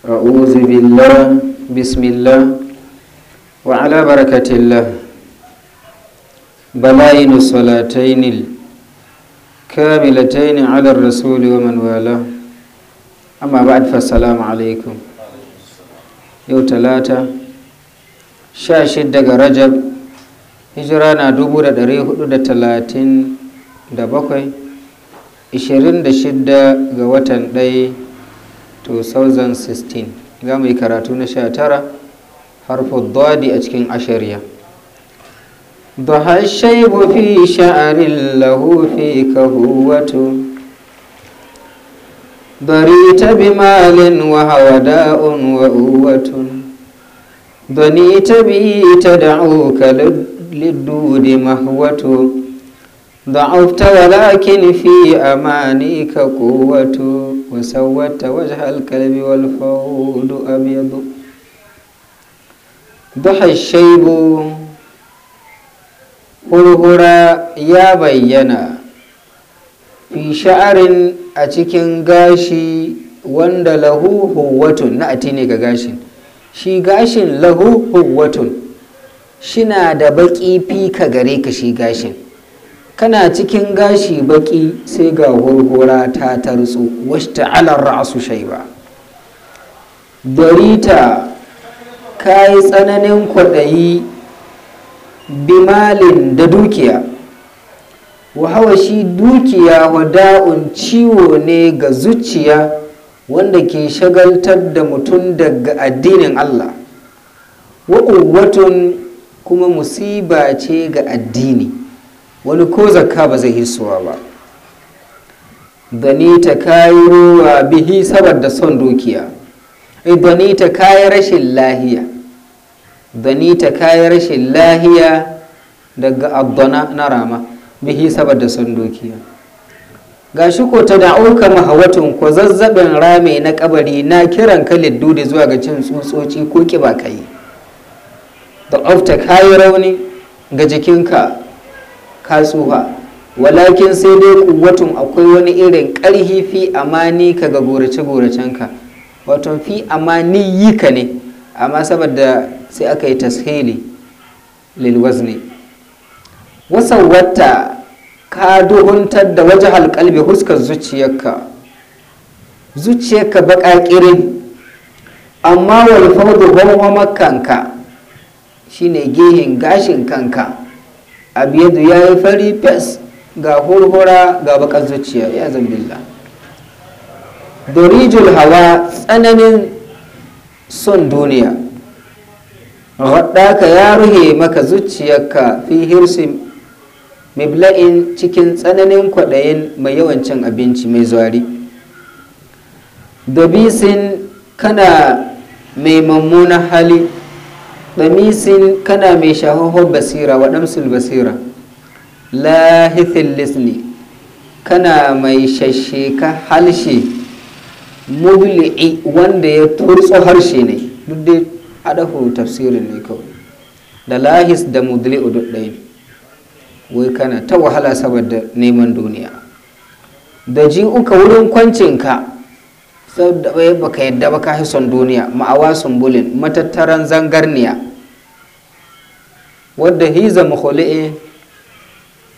Ra'uzi billah, bismillah, wa ala barakatillah, ba layinu salatainil, kamilatainin alar rasuli wa manwala, amma ba alfa salamu alaikum. Yau talata, sha shidda ga rajab, hijira na dubu da dare hudu da talatin da bakwai, ishirin da shidda ga watan ɗaya 2016 za mu yi karatu na sha tara har dodi a cikin ashariya ba ha shai sha'anin lahufi ka huwatu bari ta bi malin wa hawa da'un wa huwatu bani ta bi ta da'u ka liddu di ضعفت ولكن في أمانيك قوة وسودت وجه الكلب والفود أبيض ضحى الشيب هرهرا يا بينا في شعر أتكن غاشي wanda lahu huwatun na ati ne ga gashin shi gashin lahu huwatun shina da baki fika gare ka shi gashin kana cikin gashi baki sai ga gurgura ta tarso washta alar ra'asu shaiba darita ka yi tsananin kwaɗayi bimalin da dukiya wahawa shi dukiya wada'un ciwo ne ga zuciya wanda ke shagaltar da mutum daga addinin allah wa'uwatun kuma musiba ce ga addini wani ko zakka ba zai yi suwa ba ta kayi ruwa bihi saboda son dukiya ta kayi rashin lahiya ta kayi rashin lahiya daga abdana na rama bihi saboda son dukiya ga shi ko ta da'auka mahawatun ko zazzabin rame na kabari na kiran ka liddudi zuwa ga cin tsutsotsi ko kiba kai da ofta kayi rauni ga jikinka kasuwa walakin sai dai kuwatun akwai wani irin ƙarhi fi amani ka ga gorace-goracenka wato fi amani yi ka ne amma saboda sai aka yi tashili lilwaz ne wasan wata ka duhuntar da waje halkalbi huskar zuciyarka zuciyarka ƙirin amma walfar da gwamwa shine gehen gashin kanka abiyadu ya yi fari fes ga hurhura ga bakar zuciya ya zambilla dorijul hawa tsananin son duniya ka ya ruhe maka zuciyarka fi hirsi mibla'in cikin tsananin kwaɗayin mai yawancin abinci mai zuwari dobisin kana mai mummunan hali khamisin kana mai shahohon basira wa basira lahithin lisni kana mai shasheka halshe mudli'i wanda ya turso harshe ne duk dai adafu tafsirin ne kawai da lahis da mubili'u duk ɗaya wai kana ta wahala saboda neman duniya da ji uka wurin kwancinka saboda baka yadda ba ka son duniya ma'awa sumbulin matattaran zangarniya wadda hiza mukhli'e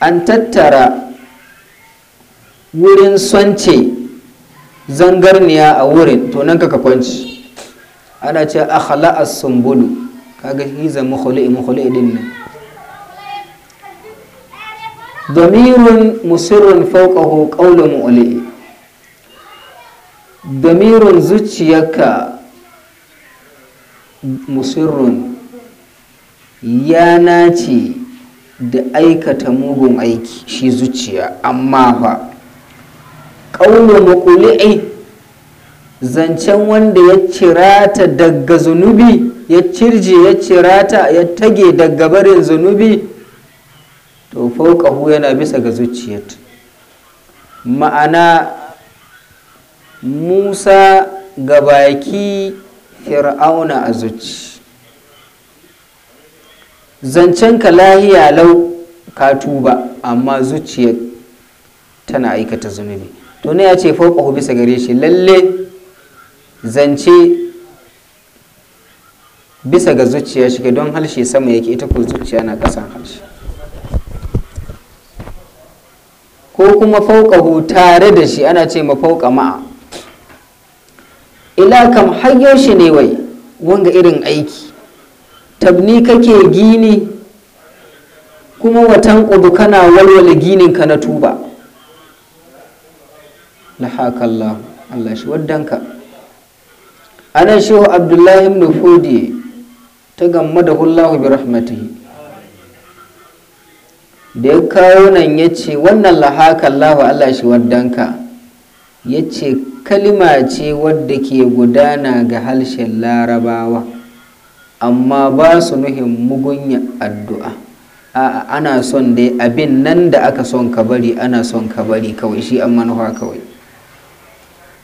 an tattara wurin sonce zangarniya a wurin to nan ka kwanci ana ce akhla'a sumbulu kaga hiza mukhli'e mukhli'e din nan damirun musirin fawqahu qawlu mu'li'i zuciyarka musirin ya nace da aikata mugun aiki shi zuciya amma fa ƙaunar makuli'i zancen wanda ya cirata daga zunubi ya cirje ya cirata ya tage daga barin zunubi to fauƙahu yana bisa ga zuciyarta ma'ana musa ga baki fir'auna a zuci zancenka lahiya lau ka tuba amma zuciyar tana aikata zunubi to ne ya ce fauƙahu bisa gare shi lalle zance bisa ga zuciya shiga don halshe sama yake ita ko zuciya na ƙasan halshe ko kuma fauƙahu tare da shi ana ce ma fauƙa ma'a ila kam har yaushe ne wai wanga irin aiki tabni kake gini kuma watan ƙudu kana walwala gininka na tuba lahakallah Allah shi waddanka anan shehu abdullahi ibn fudi ta gamma da hullahu bi rahmatihi da ya kawo nan ya ce wannan lahakallahu Allah shi waddanka ya ce kalima ce wadda ke gudana ga harshen larabawa amma ba su nuhin mugunya addu'a a'a ana son dai abin nan da aka son ka bari ana son ka bari kawai shi an manufa kawai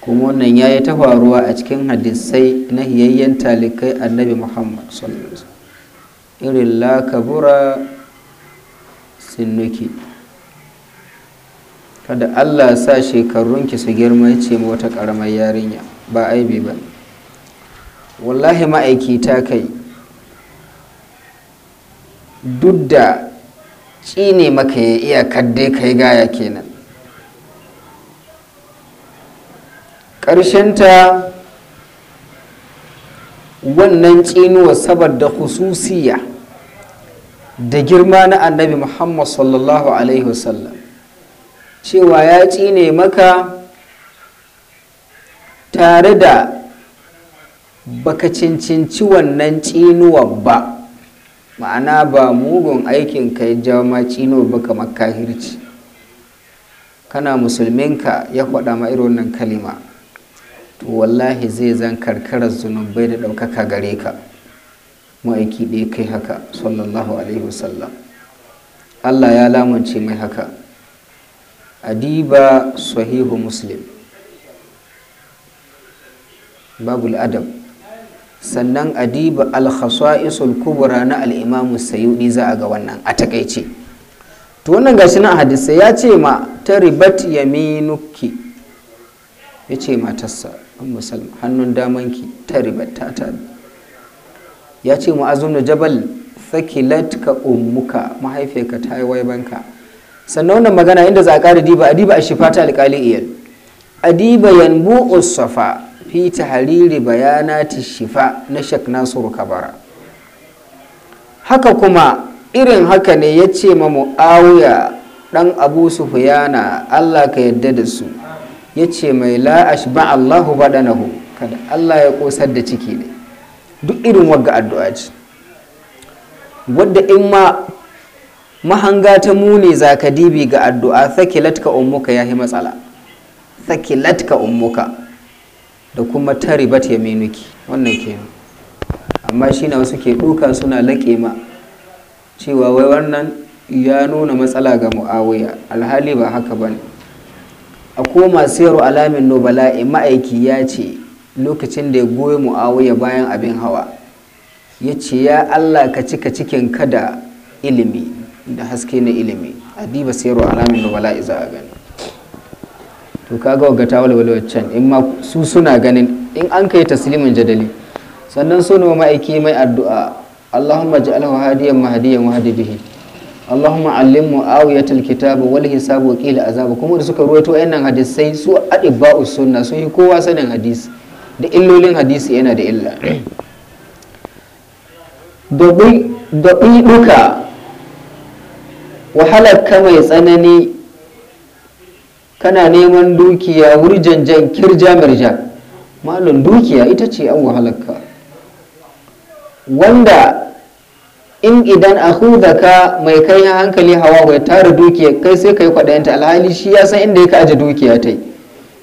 kuma wannan ya yi ta faruwa a cikin hadisai na hiyayyen talikai annabi muhammad sallallahu irin lakabura sinuki kada allah sa shekarunki su girma ce wata karamar yarinya ba aibi ba wallahi ma'aiki ta kai duk da tsine maka ya iya kadde kai gaya kenan ƙarshen ta wannan tsinuwa saboda hususiya da girma na annabi muhammad sallallahu alaihi wasallam cewa ya tsine maka tare da baka cincinci wannan tsinuwa ba ma'ana ba mugun aikin ka ya jawo cino ba kamar kahirci kana musulminka ya faɗa ma irin wannan kalima to wallahi zai zan karkarar zunubai da ɗaukaka gare ka ma'aiki ɗaya kai haka sallallahu alaihi wasallam allah ya lamunce mai haka adiba sahihu muslim babul adab sannan adiba al-khasa'isul kubra na al sayudi za a ga wannan a takaice to wannan gashi nan hadisa ya ce ma ta yaminuki ya ce matarsa an salma hannun damanki taribat ta ta ya ce mu azumna jabal fakilat ka ummuka mahaifiyarka ta yi waibanka sannan wannan magana inda za a kare diba adiba a shifa ta alƙali iyal adiba yanbu usafa fi tahariri bayanati shifa na shek nasiru kabara haka kuma irin haka ne ya ce ma mu'awiya ɗan abu sufiyana allah ka yadda da su ya ce mai la'ash ba allahu baɗanahu kada allah ya ƙosar da ciki ne duk irin wagga addu'a ce wadda in ma mahanga ta muni za ka dibi ga addu'a sakilatka ummuka ya yi matsala sakilatka ummuka da kuma taribat menuki wannan kenan amma shi na wasu ke duka suna laƙe ma cewa wai wannan ya nuna matsala ga mu'awiya alhali ba haka ba ne a koma sayarwa alamin nobala'i ma'aiki ya ce lokacin da ya goyi mu'awiya bayan abin hawa ya ce ya allah ka cika cikin kada ilimi da haske na ilimi a diba sayarwa alamin nobala'i za a gani to kaga wagga ta walwala waccan in ma su suna ganin in an kai taslimin jadali sannan suna ma'aiki mai addu'a Allahumma ja'alhu hadiyan mahdiyan wahdi bihi Allahumma allim mu'awiyat alkitab wal hisab wa qila azab kuma da suka ruwaito wayannan hadisai su adibba'u sunna su yi kowa sanin hadisi da illolin hadisi yana da illa da duka wahalar mai tsanani kana neman dukiya wuri janjan kirja mirja malon dukiya ita ce an wahalarka wanda in idan a ka mai kai hankali hawa mai tara dukiya kai sai ka yi kwaɗayanta alhali shi ya san inda ya ka aje dukiya ta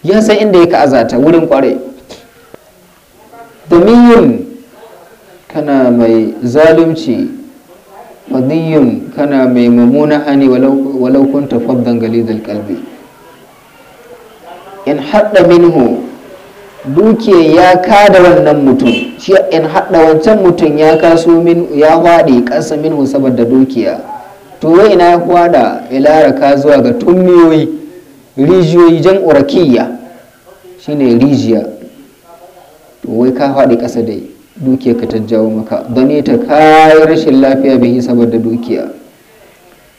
ya san inda ya ka azata wurin kware domin kana mai zalunci fadiyun kana mai mummuna hani walau kunta galizal kalbi in haɗa minhu duke ya kada wannan mutum shi in haɗa wancan mutum ya kaso min ya faɗi ƙasa minhu saboda dukiya to wai ina ya kwada ilara ka zuwa ga tummiyoyi rijiyoyi jan urakiya shine rijiya to wai ka faɗi ƙasa dai dukiya ka ta jawo maka dane ta yi rashin lafiya bai yi saboda dukiya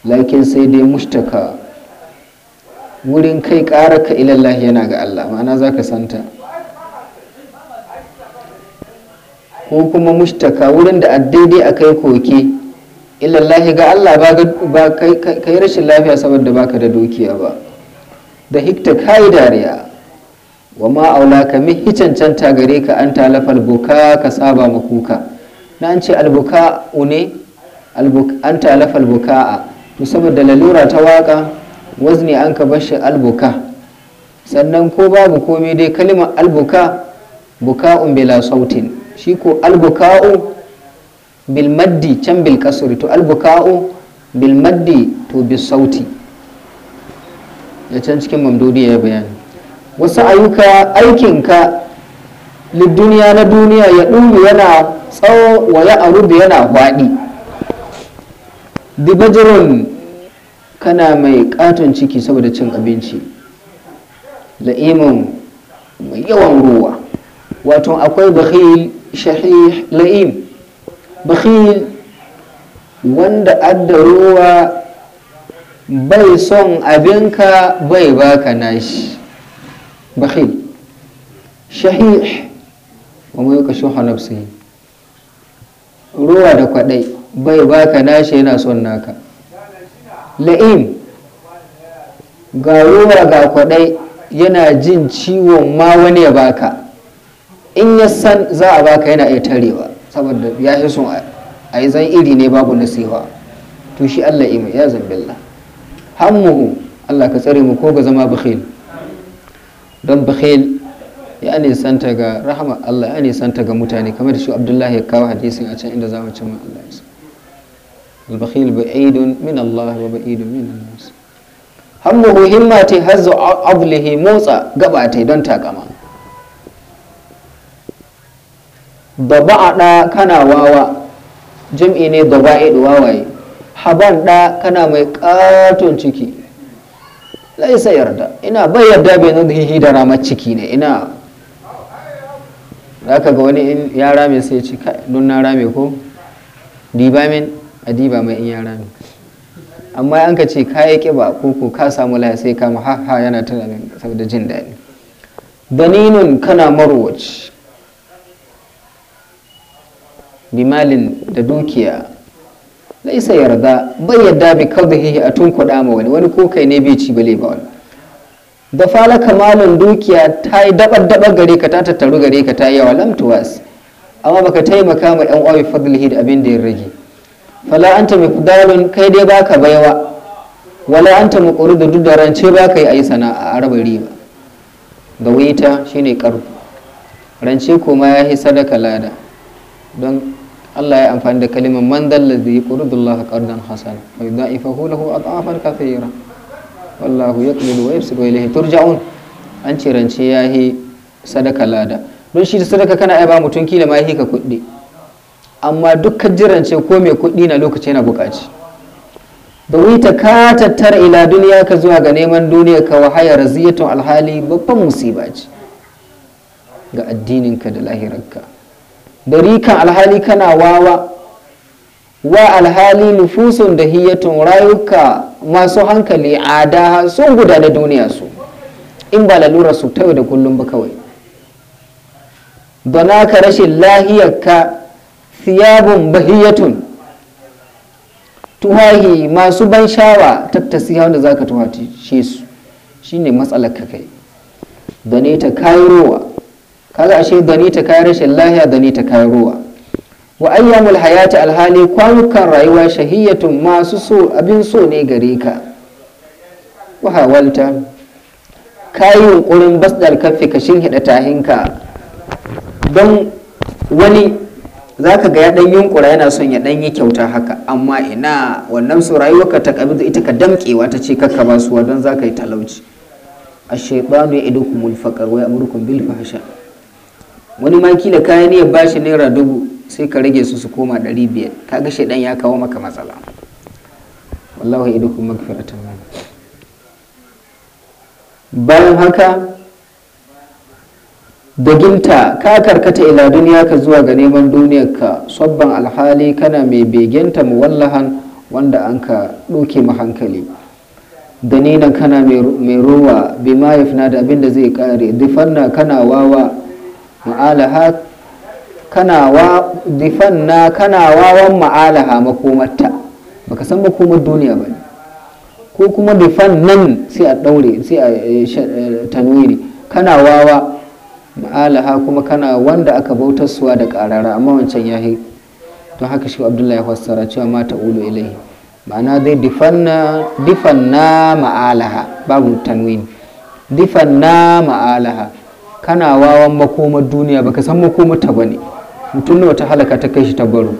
lakin sai dai mushtaka wurin kai ka ilallah yana ga Allah ma'ana za ka santa ko kuma mushtaka wurin da daidai a kai koke ilallah ga Allah ba kai rashin lafiya saboda baka da dukiya ba da hikta kai dariya wa ma'aula ka mihi cancanta gare ka an talafa albuka ka saba ma kuka na an ce albuka ne an talafa albuka'a to saboda lalura ta waka wazni an ka shi albuka sannan ko babu komai dai kalimar albuka buka'un bila sautin shi ko albuka'u bil maddi can bil kasri to albuka'u bil maddi to bil sauti ya can cikin mamdudi ya bayani wasu ayyuka aikinka duniya na duniya ya dumi yana tsawo wa ya arudu yana faɗi dibajirun kana mai katon ciki saboda cin abinci la'imin mai yawan ruwa wato akwai bakhil shahih la'im bakhil wanda adda ruwa bai son abinka bai baka nashi bakhil shahih wa mai shuha nafsi ruwa da kwadai bai baka nashi yana son naka la'im ga ga kwaɗai yana jin ciwo ma wani ya baka in ya san za a baka yana iya tarewa saboda ya shi son a yi zan iri ne babu nasiha to shi Allah ima ya zambilla hammuhu Allah ka tsare mu ko ga zama bakhil don bakhil ya nisanta ga rahama Allah ya nisanta ga mutane kamar da shi Abdullahi ya kawo hadisin a can inda zamu ci Allah ya البخيل بعيد من الله وبعيد من الناس hammuhu himmati hazzu ablihi motsa gabata don takama da ba'ada kana wawa jam'i ne da ba'id wawaye haban da kana mai katon ciki laisa yarda ina bai yarda bai nan hihi da ramar ciki ne ina za ka ga wani in ya rame sai ci kai don na rame ko adiba mai in yara ne amma an ka ce ka yi kiba ko ko ka samu laya sai kama ha ha yana tunanin saboda jin daɗi daninun kana marwaci bimalin da dukiya laisa yarda bai yadda bi kadhihi a tun kuɗa ma wani wani ko ne bai ci bale ba wani da fala kamalin dukiya ta yi dabar dabar gare ka ta tattaru gare ka ta yi yawa lamtuwas amma baka taimaka ma yan uwa bi fadlihi da abin da ya rage fala anta miqdalun kai dai baka baiwa wala anta muquru da duk rance baka yi ayi sana'a arba riba ga wita shine karu rance ko ma ya hi sadaka lada don Allah ya amfani da kalimar man dallazi yuqridullaha qardan hasan wa yudha'ifahu lahu ad'afan kathira wallahu yaqbidu wa yusbu ilayhi turja'un an ce rance ya hi sadaka lada don shi sadaka kana ai ba mutun kila ma hi ka kuɗi amma dukkan jiran ce ko mai kuɗi na lokaci yana buƙaci da wita ka tattara ila duniya ka zuwa ga neman duniya ka wahaya raziyatun alhali babban musiba ce ga addininka da lahirarka da rikan alhali kana wawa wa alhali nufusun da hiyatun rayuka masu hankali ada sun gudana duniya su in ba lalura su ta da kullum ba kawai ba ka rashin lahiyarka siyabun bahiyatun tuhahi masu ban shawa tattasiha wanda za ka shi su ne matsalar ka kai dane ta kayi kaga ashe dane ta kayar rashin lahiya dane ta kayarowa wa ayyamul hayati alhali kwanukan rayuwa shahiyatun masu so abin so ne gare ka wa hawalta kayi yunkurin basdar kafe ka shin hida tahinka don wani za ka ga ya ɗan yunkura yana son ya ɗan yi kyauta haka amma ina wannan su rayuwarka ta ita ka damƙewa ta ce kakka ba su don za ka yi talauci a shaibanu ya idukum ulfaƙar wai amurkum bil fahasha wani ma kila kayan ya bashi naira dubu sai ka rage su su koma ɗari biyar ga shaidan ya kawo maka matsala bayan haka baginta ka karkata ila duniya ka zuwa ga neman duniyar duniyarka sabban alhali kana mai begenta muwallahan wanda an ka ɗoke hankali danina kana mai ruwa bi ma da abinda zai kare difanna kana wawa ma'alaha kana wa difanna kana wawan ma'alaha makomarta baka san makomar duniya ba ko kuma difan nan sai a daure sai a eh, eh, tanwiri kana wawa ma'alaha kuma kana wanda aka bautar suwa da karara amma wancan ya don haka shi abdullahi fassara cewa mata ulu ilai ma'ana dai difanna difanna ma'alaha babu tanwin difanna ma'alaha kana wawan makomar duniya baka san makomar ta bane mutum nawa ta halaka ta kai shi ta baro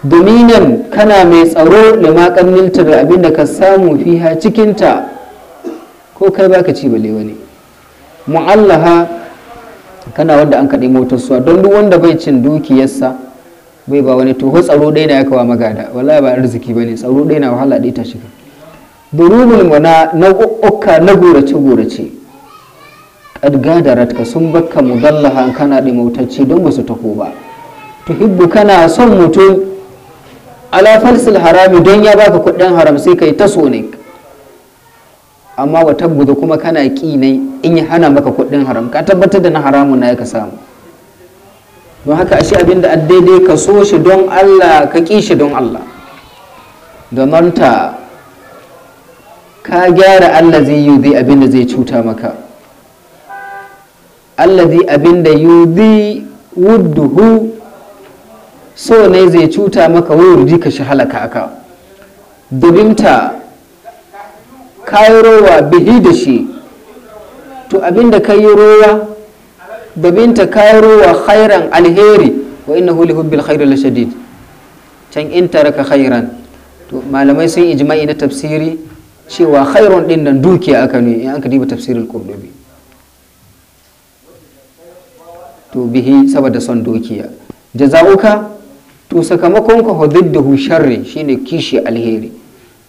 dominan kana mai tsaro da makanninta da abin da ka samu fiha cikinta ko kai baka ci bale wani mu'allaha kana wanda an kaɗe motar suwa don duk wanda bai cin dukiyarsa bai ba wani toho tsaro ɗaya na ya kawa magada wallahi ba arziki ba ne tsaro ɗaya na wahala ɗaya ta shiga durubul wana nau'uka na gorace gorace kad ratka sun bakka mudallaha an kana ɗi mautacce don ba su taho ba tuhibbu kana son mutum ala falsil harami don ya baka kuɗin haram sai kai ta so ne amma wa tabbuda kuma kana ƙi ne in ya hana maka kuɗin haram ka tabbatar da na haramun na ya ka samu don haka ashe abinda da daidai ka so shi don Allah ka ƙi shi don Allah nan ta ka gyara Allah zai yi zai abinda da zai cuta maka Allah zai abin da yi zai wudduhu so ne zai cuta maka wuri ka shi halaka aka dubinta kayi rowa bihi da shi to abinda ka yi rowa da binta kayi rowa khairan alheri wa inna huli hubbil khairu la shadid can in taraka khairan to malamai sun ijma'i na tafsiri cewa khairun din nan dukiya aka ne in aka diba tafsirin qurdubi to bihi saboda son dukiya jaza'uka to sakamakon ka hudduhu sharri shine kishi alheri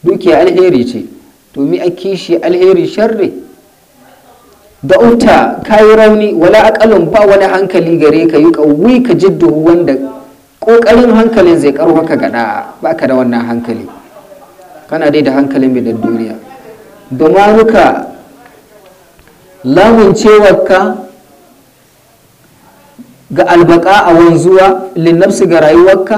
dukiya alheri ce domin a kishi alheri sharri da uta kayi rauni wala akalin ba wani hankali gare ka yi kawai ka jiddu wanda kokarin hankalin zai karo ka gada ba ka da wannan hankali kana dai da hankalin mai duniya domanuka lamun cewarka ga albaka a wanzuwa linnafsi ga rayuwarka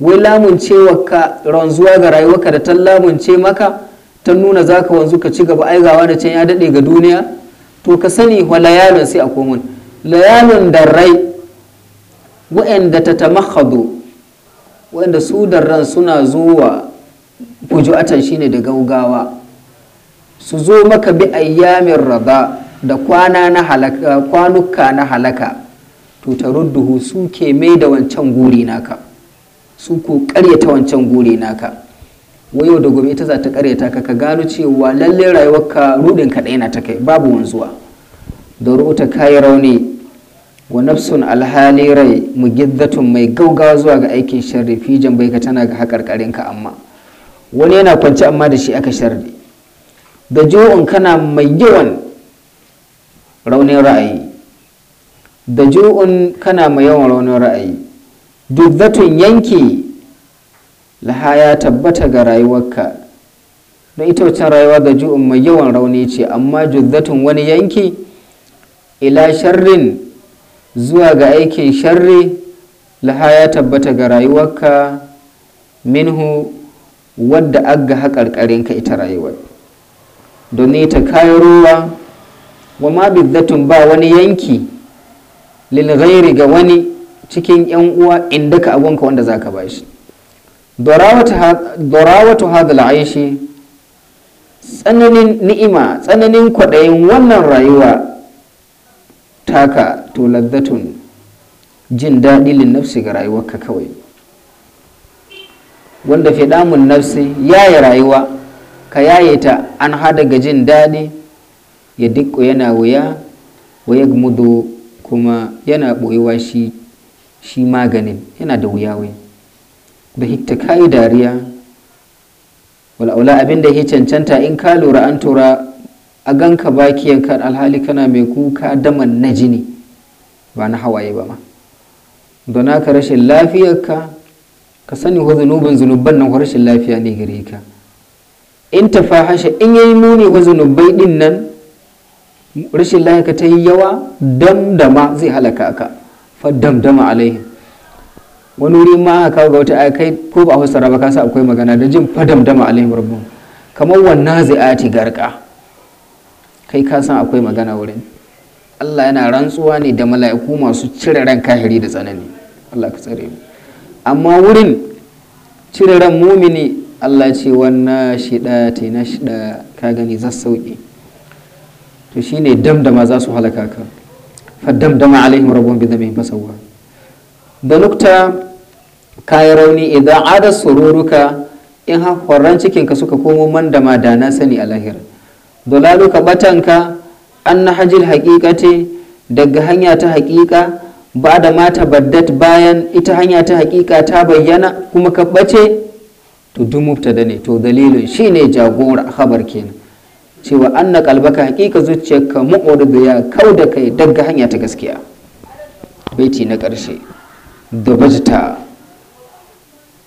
wai lamun cewarka ranzuwa ga rayuwarka da ta lamunce maka ta nuna za ka wanzu ka ci gaba aigawa da can ya daɗe ga duniya to ka sani wa layalin sai a komun da darrai wa'anda ta tamahadu wa'anda su darran suna zuwa fujuatan shine da gaugawa su zo maka bi ayyamin raba da kwana na halaka kwanuka na halaka to ta rudduhu su ke mai da wancan guri naka su ko karyata wancan guri naka wayo da gobe ita za ta karyata ka ka gano cewa lalle ka rudin ka na ta kai babu wanzuwa da rubuta kayi rauni wa nafsun alhali rai mugiddatun mai gaugawa zuwa ga aikin sharri fi jambai ka tana ga haƙarƙarin ka amma wani yana kwance amma da shi aka sharri da jo'un kana mai yawan raunin ra'ayi da jo'un kana mai yawan raunin ra'ayi duk zaton yanke laha ya tabbata ga rayuwarka don ita wacce rayuwa ga ju'un mai yawan rauni ce amma juddatun wani yanki ila sharrin zuwa ga aikin sharri laha ya tabbata ga rayuwarka minhu wadda agga ka ita rayuwar don ta kayan ruwa wa ma biddatun ba wani yanki lil ga wani cikin 'yan uwa inda ka abunka wanda zaka ka shi. dorawatu hadal la'aishi tsananin ni'ima tsananin kwaɗayin wannan rayuwa taka to laddatun jin daɗi nafsi ga ka kawai wanda fi damun nafsi yaye rayuwa ka yaye ta an hada ga jin daɗi ya dikko yana wuya wa ya kuma yana ɓoyewa shi maganin yana da wuya da hitta kayi dariya wal'aula abin da ya cancanta in ka lura an tura a ganka bakiyan kan alhali kana mai kuka daman na jini ba na hawaye ba ma don haka rashin lafiyarka ka sani wa zunubin zunuban nan rashin lafiya ne gare ka in ta fahasha in yayi muni wa zunubai din nan rashin lafiya ta yi yawa damdama zai halaka ka fa damdama alaihim wani wuri ma aka kawo ga wata aya kai ko ba a fassara ba kasa akwai magana da jin fadamdama alaihim rabbuhum kamar wannan zai'ati garka kai ka san akwai magana wurin Allah yana rantsuwa ne da mala'iku masu cire ran kahiri da tsanani Allah ka tsare mu amma wurin cire ran mumini Allah ce wannan shida ta na shida ka gani za sauke to shine damdama za su halaka ka fa damdama alaihim rabbuhum bi dhanbihim fasawwa da nukta ka yi rauni idan adar sururuka in horon cikinka suka komo man da madana sani a lahira dolaluka batanka an na hajjil haƙiƙati daga hanya ta haƙiƙa ba da mata baddat bayan ita hanya ta haƙiƙa ta bayyana kuma ka ɓace to duk da ne to dalilin shine jagora habar kenan cewa an na kalbaka haƙiƙa zuciyarka da ya kau da kai daga hanya ta gaskiya baiti na ƙarshe da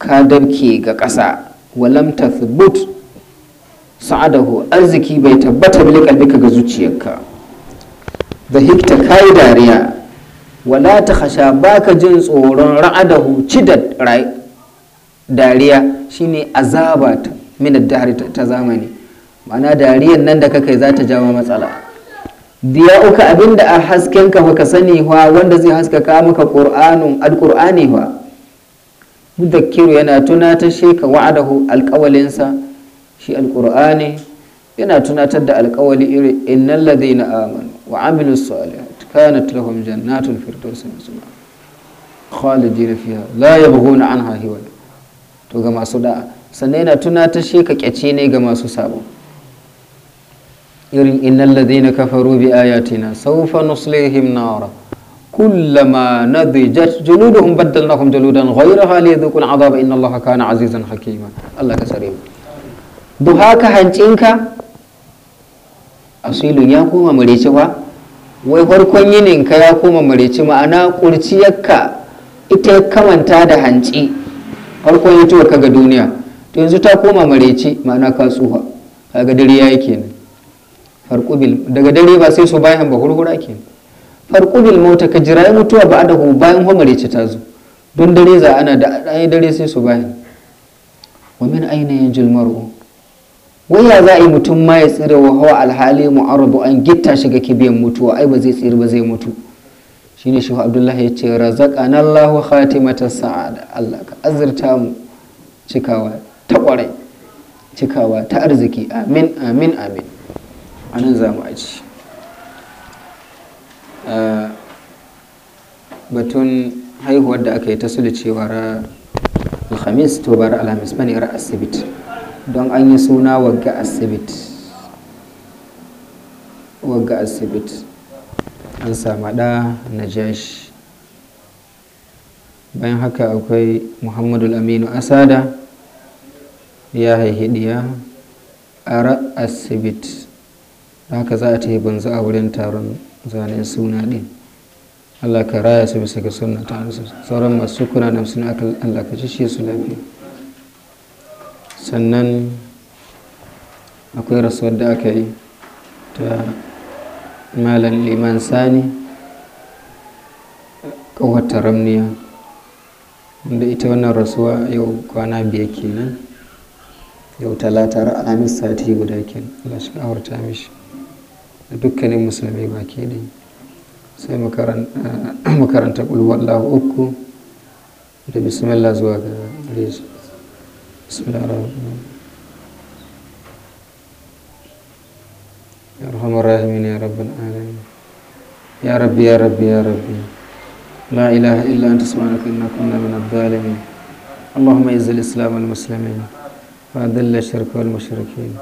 ka dabke ga ƙasa walam thubut sa'adahu arziki bai tabbata bil qalbika ga zuciyarka da hikta kai dariya wala ta khasha baka jin tsoron ra'adahu da dariya shine azaba ta min ta zamani ma'ana dariyan nan da kakai za ta jawo matsala diya uka abinda a haskenka ka sani wa wanda zai haskaka maka qur'anun alqur'ani ba mudakkiru yana tunatar shi ka wa'adahu alƙawalinsa shi alƙur'ani yana tunatar da alƙawali iri innal ladina amanu wa amilus salihat kanat lahum jannatul suna nuzula khalidin fiha la ya bugu yabghuna anha hiwala to ga masu da'a sannan yana tunatar shi ka kyace ne ga masu sabo irin innal ladina kafaru bi ayatina sawfa nuslihim nara كلما نضجت جلودهم بدلناهم جلودا غيرها ليذوقوا العذاب إن الله كان عزيزا حكيما الله كسريم duhaka hancinka asilun ya koma mareci ba wai farkon yininka ya koma mareci ma'ana kurciyarka ita ya kamanta da hanci farkon yitowar ka ga duniya to yanzu ta koma mareci ma'ana ka tsuha kaga dare ya yi kenan daga dare ba sai su bayan ba hurhura kenan farqubil mota ka jira mutuwa ba adahu bayan ya ce ta zo don dare za ana da ɗaya dare sai su bayan wa min aina yin mar'u waya za a yi mutum ma ya tsira wa hawa alhali mu'arradu an gitta shi ga kibiyan mutuwa ai ba zai tsira ba zai mutu shine wa abdullahi ya ce na allahu khatimata sa'ada allah ka azurta mu cikawa ta kwarai cikawa ta arziki amin amin amin anan za mu aji batun haihuwar da aka yi ta ra alhamis to ba alhamis ba ne ra asibit don an yi suna wagga asibit wagga asibit an sama ɗa najashi bayan haka akwai muhammadu aminu asada ya haihi ɗiya a ra asibit haka za a ta yi banzu a wurin taron zane suna din Allah ka raya su bisa ga suna ta sauran masu kuna da suna aka Allah ka su lafiya sannan akwai rasuwar da aka yi ta malam liman sani ta ramniya wanda ita wannan rasuwa yau kwana biyar kenan yau talata alhamis sati guda kenan Allah shi ta mishi مسلمي باكيني سي musulmi baki آه، تقول والله أكو بسم الله da bismillah بسم الله الرحمن يا رحم الراحمين يا رب العالمين يا ربي يا ربي يا ربي لا إله إلا أنت سبحانك إنا كنا من الظالمين اللهم اعز الإسلام والمسلمين وأذل الشرك والمشركين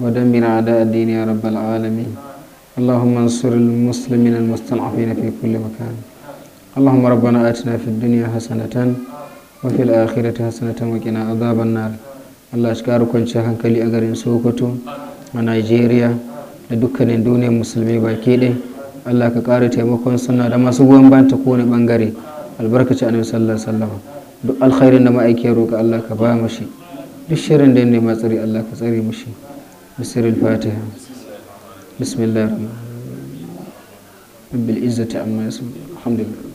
ودمر أعداء الدين يا رب العالمين اللهم انصر المسلمين المستضعفين في كل مكان اللهم ربنا آتنا في الدنيا حسنة وفي الآخرة حسنة وقنا عذاب النار Allah shi ƙara kwanciyar hankali a garin Sokoto a Najeriya da dukkanin duniyar musulmi baki ɗaya Allah ka kara taimakon suna da masu goyon banta ta bangare. albarkaci annabi sallallahu alaihi wasallam duk alkhairin da ma'aikiyar roƙa Allah ka ba mashi duk shirin da ya tsari Allah ka tsare mashi bisirul fatiha بسم الله الرحمن الرحيم رب العزة عما يصفون الحمد لله